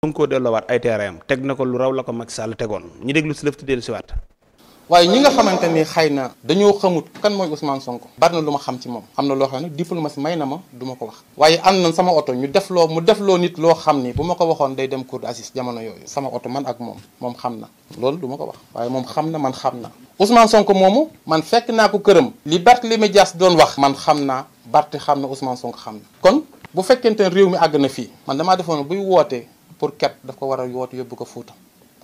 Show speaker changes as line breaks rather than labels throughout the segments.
Sonko delloowaat ay terrain am teg na ko lu raw la ko Macky Sall tegoon ñu déglu si lëf ti dellu si waat kan mooy Ousmane Sonko bari na lu ma xam ci moom am na loo xam ne diplomatie may na ma du ma ko wax waaye ànd nañ sama oto ñu def loo mu def loo nit loo xam ni bu ma ko waxoon day dem cour d'assises jamono yooyu sama oto man ak moom moom xam na loolu du ma ko wax waaye moom xam na man xam na Ousmane Sonko moomu man fekk naa ko këram li Barthélémy Dias doon wax man xam naa Barthé xam na Ousmane Sonko xam na kon bu fekkente ne réew mi àgg na fii man damaa defoon buy wootee pour ket daf ko war a woote yóbbu ko Fuuta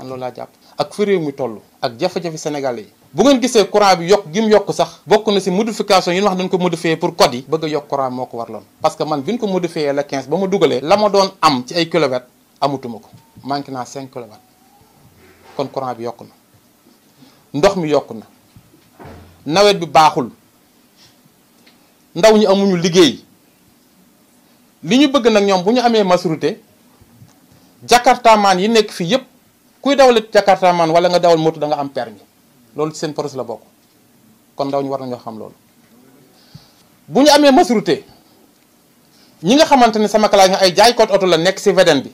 man loolu laa jàpp ak fi réew mi toll ak jafe-jafe Sénégalais yi bu ngeen gisee courant bi yokk gi mu yokk sax bokk na si modification yi ñu wax dañ ko modifier pour code yi bëgg a yokk courant moo ko warloon parce que man bi ñu ko modifier la 15 ba ma dugalee la ma doon am ci ay kilowatts amatuma ko manqué naa 5 kilowatts kon courant bi yokk na ndox mi yokk na nawet bi baaxul ndaw ñi amuñu liggéey li ñu bëgg nag ñoom bu ñu maturité jakartamaan yi nekk fii yëpp kuy dawal jakartamaan wala nga dawal moto da nga am permi loolu ci seen projet la bokk kon ndaw ñu war nañoo xam loolu. bu ñu amee maturité ñi nga xamante ni sama classe nga ay jaaykoot oto la nekk ci VDN bi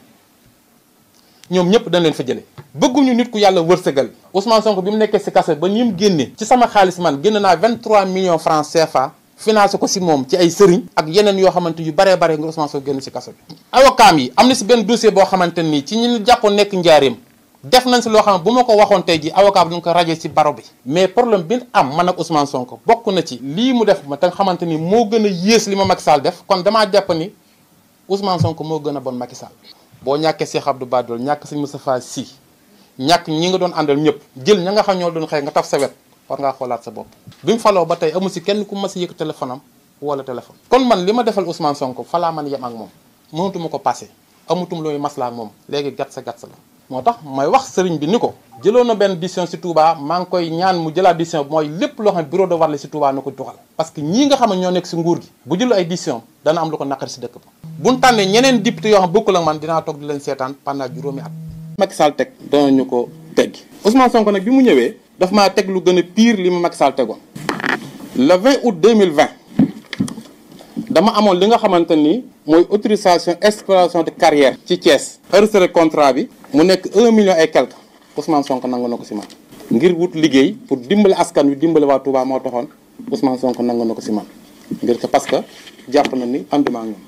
ñoom ñëpp dañ leen fa jële bëgguñu nit ku yàlla wërsëgal Ousmane Sonko bi mu nekkee ci kaso ba ni mu génne ci sama xaalis man génn naa 23 millions francs CFA. financé ko si moom ci ay sëriñ ak yeneen yoo xamante yu baree bare nga Ousmane Sonko génn si kaso bi awokaam yi am na si benn dossier boo xamante nii ci ñu jàppoon nekk njaareem def nañ si loo xam bu ma ko waxoon tey ji avocat bi dañ ko rajo si baro bi mais problème bi am man ak Ousmane Sonko bokk na ci lii mu def ma te xamante ni moo gën a yées li ma Macky def kon damaa jàpp ni Ousmane Sonko moo gën a bon Macky Sall boo ñàkkee Cheikh du Badol ñàkk sëñ Moustapha si ñàkk ñi nga doon àndal ñëpp jël ña nga xam ñoo doon xëy nga taf sa wet war ngaa xoolaat sa bopp bi mu faloo ba tey amu si kenn ku ma si yëg téléphone am wala téléphone kon man li ma defal Ousmane Sonko falaa man yem ak moom mënatuma ko passé amutum looy moom léegi moo tax mooy wax sëriñ bi ni ko jëloon na benn décision si maa ngi koy ñaan mu jëlaat lépp loo xam ne que ñii nga am lu ko naqari si dëkk ba buñ tànnee ñeneen député yoo xam seetaan pendant juróomi at Macky Sall teg danañu nag bi mu ñëwee dafa maa teg lu gën a piir li ma Macky Sall tegoon le 20 août 2020 dama amoon li nga xamante ni mooy autorisation exploration de carrière ci Thiès. heure contrat bi mu nekk un million et quelque Ousmane Sonko nangu na ko si man ngir wut liggéey pour dimbali askan wi dimbali waa Touba moo taxoon Ousmane Sonko nangu na ko si man ngir que parce que jàpp na ni ànduma ak ñoom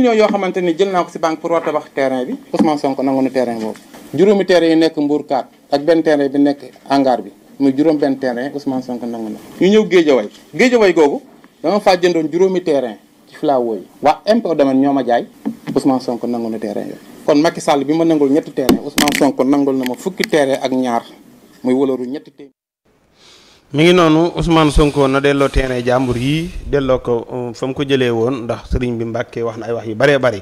100 yoo xamante ni jël naa ko si banque pour war tabax terrain bi Ousmane Sonko nangu terrain boobu juróomi terrain yi nekk Mbour ak benn terrain bi nekk hangar bi muy juróom benn terrain Ousmane Sonko nangu na ñu ñëw Géejawaay Géejawaay googu dama faa jëndoon juróomi terrain ci filawoo yi waa impôt domaine ñoo ma jaay Ousmane Sonko nangu na terrain kon Macky Sall bi ma nangul ñetti terrain Ousmane Sonko nangul na ma fukki terrain ak ñaar muy wolooru ñetti terrain
mu ngi noonu Ousmane Sonko na delloo terrain jàmbur yi delloo ko um, fa mu ko jëlee woon ndax sëriñ bi Mbàkke wax na ay wax yu bëree bëri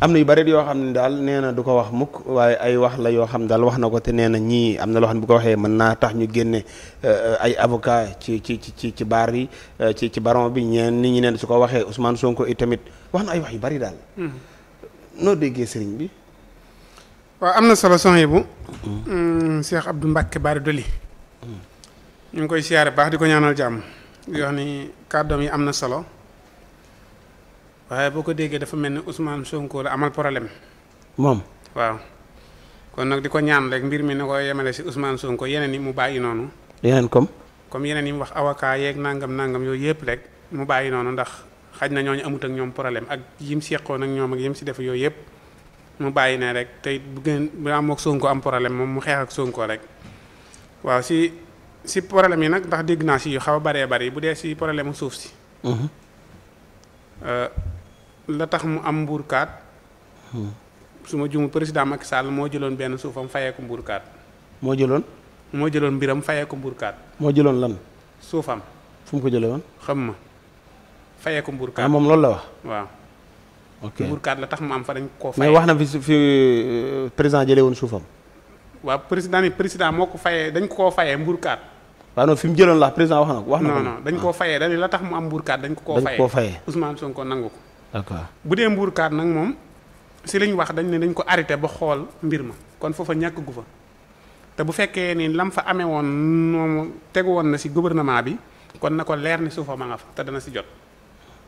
am na yu bari yoo xam ne daal nee na du ko wax mukk waaye ay wax la yoo xam daal wax na ko te nee na ñii am na loo xam ne bu ko waxee mën naa tax ñu génne eh, ay avocat ci ci ci ci baar yi eh, ci ci baron bi ñeen ñi neen su ko waxee Ousmane Sonko tamit wax na ay wax yu bari daal. Hmm. noo déggee sëriñ bi.
waaw am na solo son yi bu. Hmm. Hmm, Cheikh Abdou Mbacke Bara Dolly. ñu ngi koy siyaare baax di ko ñaanal jàmm. di wax ni kàddoom yi am na solo. waaye boo ko déggee dafa mel ni Ousmane Sonko la amal problème. moom waaw. kon nag di ko ñaan rek mbir mi ne ko yemale si Ousmane Sonko yeneen yi mu bàyyi noonu. yeneen comme. comme yeneen yi mu wax avocat yeeg nangam nangam yooyu yëpp rek mu bàyyi noonu ndax xaj na ñooñu amut ak ñoom problème ak yim seqoon ak ñoom ak yim si def yooyu yëpp mu bàyyi ne rek tey bu gën bu am ak Sonko am problème moom mu xeex ak Sonko rek waaw si si problème yi nag ndax dégg naa si yu xaw a baree bari bu dee si problème mu suuf si. Mhm. Euh, la tax mu am mbuurkaat hmm. su ma jumul président Macky Sall moo jëloon benn suufam fayee ko mbuurkaat
moo jëloon moo
jëloon mbiram fayee ko mbuurkaat moo jëloon lan suufam fu mu xam ma fayee ko mbuurkaat ah, moom loolu la wax waaw
ok mbuurkaat la tax mu am fa dañ
koo fay wax na fi
fi euh, président jëlee woon suufam
waaw président ni président moo ko fayee dañ koo fayee mbuurkaat
waaw non fi mu jëloon la président wax na ko wax na ko non dañ
koo fayee dañ la tax mu am mbuurkaat dañ ko koo fayee dañ koo fayee Ousmane nangu ko d'accord bu dee mbuurkaat nag moom si lañ wax dañ ne dañ ko arrêté ba xool mbir ma kon foofa ñàkk gu fa te bu fekkee ni lam fa amee woon moom tegu woon na si gouvernement bi kon na ko leer ni suufa ma nga fa te dana si jot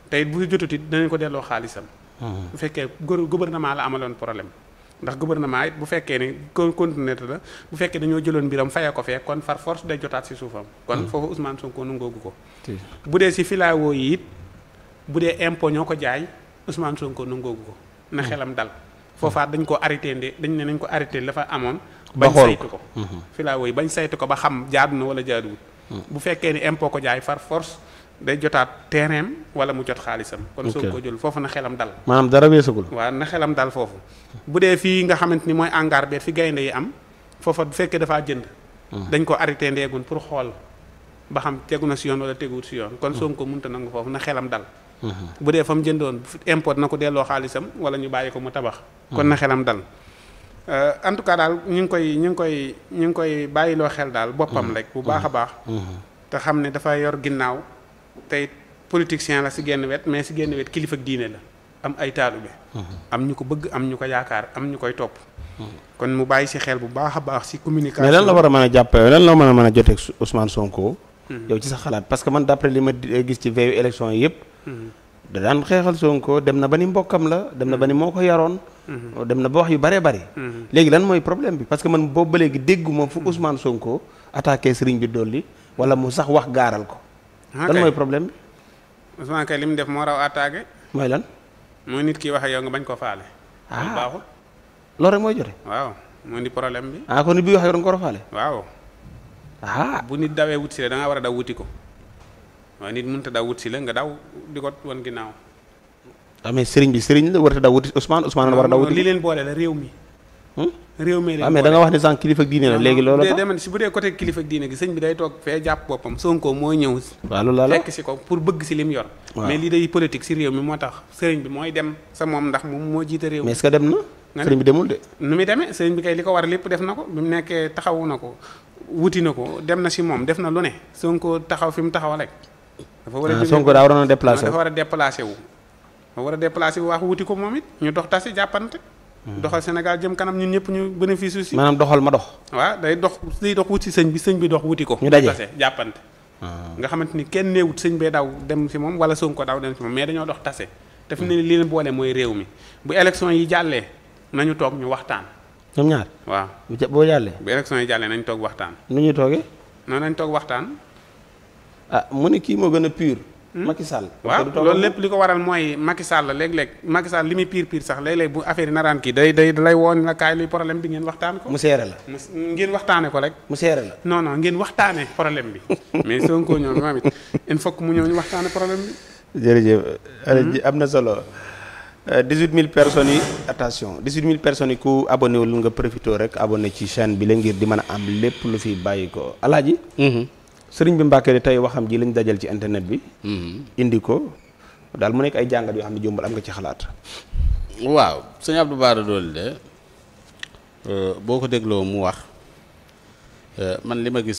tey bu jotuti danañ ko delloo xaalisam. Mhm. bu fekkee gouvernement la amaloon problème ndax gouvernement it bu fekkee ni continué la bu fekkee dañoo jëloon mbiram fayee ko fee kon far force day jotaat ci suufam. kon mhm. foofu Ousmane Sonko nangoogu ko. bu dee impôt ñoo ko jaay Ousmane Sonko nangoogu ko na hmm. xelam dal foofaat dañ ko arrêté nde dañ ne nañ ko arrêté dafa amoon bañ saytu ko hmm. fi laa woy bañ saytu ko ba xam jaadu na wala jaaduwul hmm. bu fekkee ni ko jaay far force day jotaat terrain wala mu jot xaalisam kon soo ko jël foofu na xelam dal
maanaam dara weesagul
waaw na xelam dal foofu bu dee fii nga xamante ni mooy angaar beet fi gaynde yi am foofa bu fekkee dafaa jënd dañ ko arrêté ndeegun pour xool ba xam tegu na si yoon wala teguwut si yoon kon Sonko munta nangu foofu na xelam dal bu dee fa mu jëndoon import na ko delloo xaalisam wala ñu bàyyi ko mu tabax. kon na xelam dal. Euh, en tout cas daal ñu ngi koy ñu ngi koy ñu ngi koy bàyyiloo xel daal boppam mm-hmm. rek bu baax a baax. Mm-hmm. te xam ne dafay yor ginnaaw tey politicien la si genn wet mais si génn wet kilifa diine la am ay taalibe mm-hmm. am ñu ko bëgg am ñu ko yaakaar am ñu koy topp. kon mu bàyyi si xel bu baax a baax si communication. mais lan la war
a mën a jàppee lan la mën a mën a joteeg Ousmane Sonko. yow ci sa xalaat parce que man gis ci veillu élection yëpp. da daan xeexal Sonko dem na ba ni mbokkam la dem na ba ni moo ko yaroon. dem na ba wax yu bëree bëri. léegi lan mooy problème bi parce que man boobu ba léegi dégguma fu usmaan Sonko attaqué sëriñ bi dolli wala mu sax wax gaaral ko. Ah, lan mooy problème bi.
Ousmane kay li mu def moo raw attaqué. mooy lan. mooy nit ki wax ak yow nga bañ koo faale. ah loolu rek mooy jote. waaw moo di problème bi.
ah kon nit bi wax yow da nga ko war
waaw. Ah. bu nit dawee wut si da war daw wuti ko. waaye nit mënut a daw wut si la nga daw di ko wan ginnaaw.
amee ah, sëriñ bi sëriñ la warut a daw wuti Ousmane Ousmane la war a daw wuti li leen
boole la réew mi. Hmm? réew mi la ah, da nga wax ne sànq kilifa diine la léegi loolu la dama si bu dee côté kilifa diine gi sëñ bi day toog fee jàpp boppam Sonko moo ñëw waaw loolu la ko pour bëgg si lim yor mais lii day politique si réew mi moo tax sëriñ bi mooy dem sa moom ndax moom moo jiite réew mi mais est dem na sëriñ bi demul de nu muy demee sëriñ bi kay li ko war lépp def na ko bi mu nekkee taxawu na ko wuti na ko dem na si moom def na lu ne Sonko taxaw fi mu taxaw rek dafa war a ah, Sonko daa waroon a déplacé dafa war a déplacé a déplacé wu wax wuti ko moom it ñu dox tasi jàppant hmm. doxal Sénégal jëm kanam ñu ñëpp ñu bénéfice aussi maanaam doxal ma dox waa day dox day dox wut si sëñ bi sëñ bi dox wuti ko ñu daje jàppante ah. nga xamante ni kenn néewut sëñ bee daw dem si moom wala ko daw dem si moom mais dañoo dox tase daf hmm. ne li leen boole mooy réew mi bu élection yi jàllee nañu toog ñu waxtaan ñoom ñaar waaw boo jàllee bu élection yi jàllee nañu toog waxtaan nu ñuy toogee noonu nañ toog waxtaan
ah mu ne kii moo gën a pur. Hmm? Macky waaw loolu lépp
li ko waral mooy Macky Sall léeg-léeg Macky Sall li muy pire pire sax léeg-léeg bu affaire yi naraan kii day day lay woon la kaay luy problème bi ngeen waxtaan ko. mu seere la ngeen waxtaane ko rek. mu seere la non non ngeen waxtaane problème bi mais Sonko ñoom moom it il faut que mu ñëw ñu waxtaane problème bi.
jërëjëf. Hmm? am na solo 18000 euh, personnes yi attention 18000 personnes yi ku abonné wul nga profité rek abonné ci chaîne bi la ngir di mën a am lépp fi bàyyi sëriñ bi Mbàkke tey waxam ji lañ dajal ci internet bi. Mhm. indi ko daal mu nekk ay jàngat yoo xam ne jombal am nga ci xalaat. waaw sëñ Abdou Bara dool de euh, boo ko dégloo mu wax euh, man li ma gis.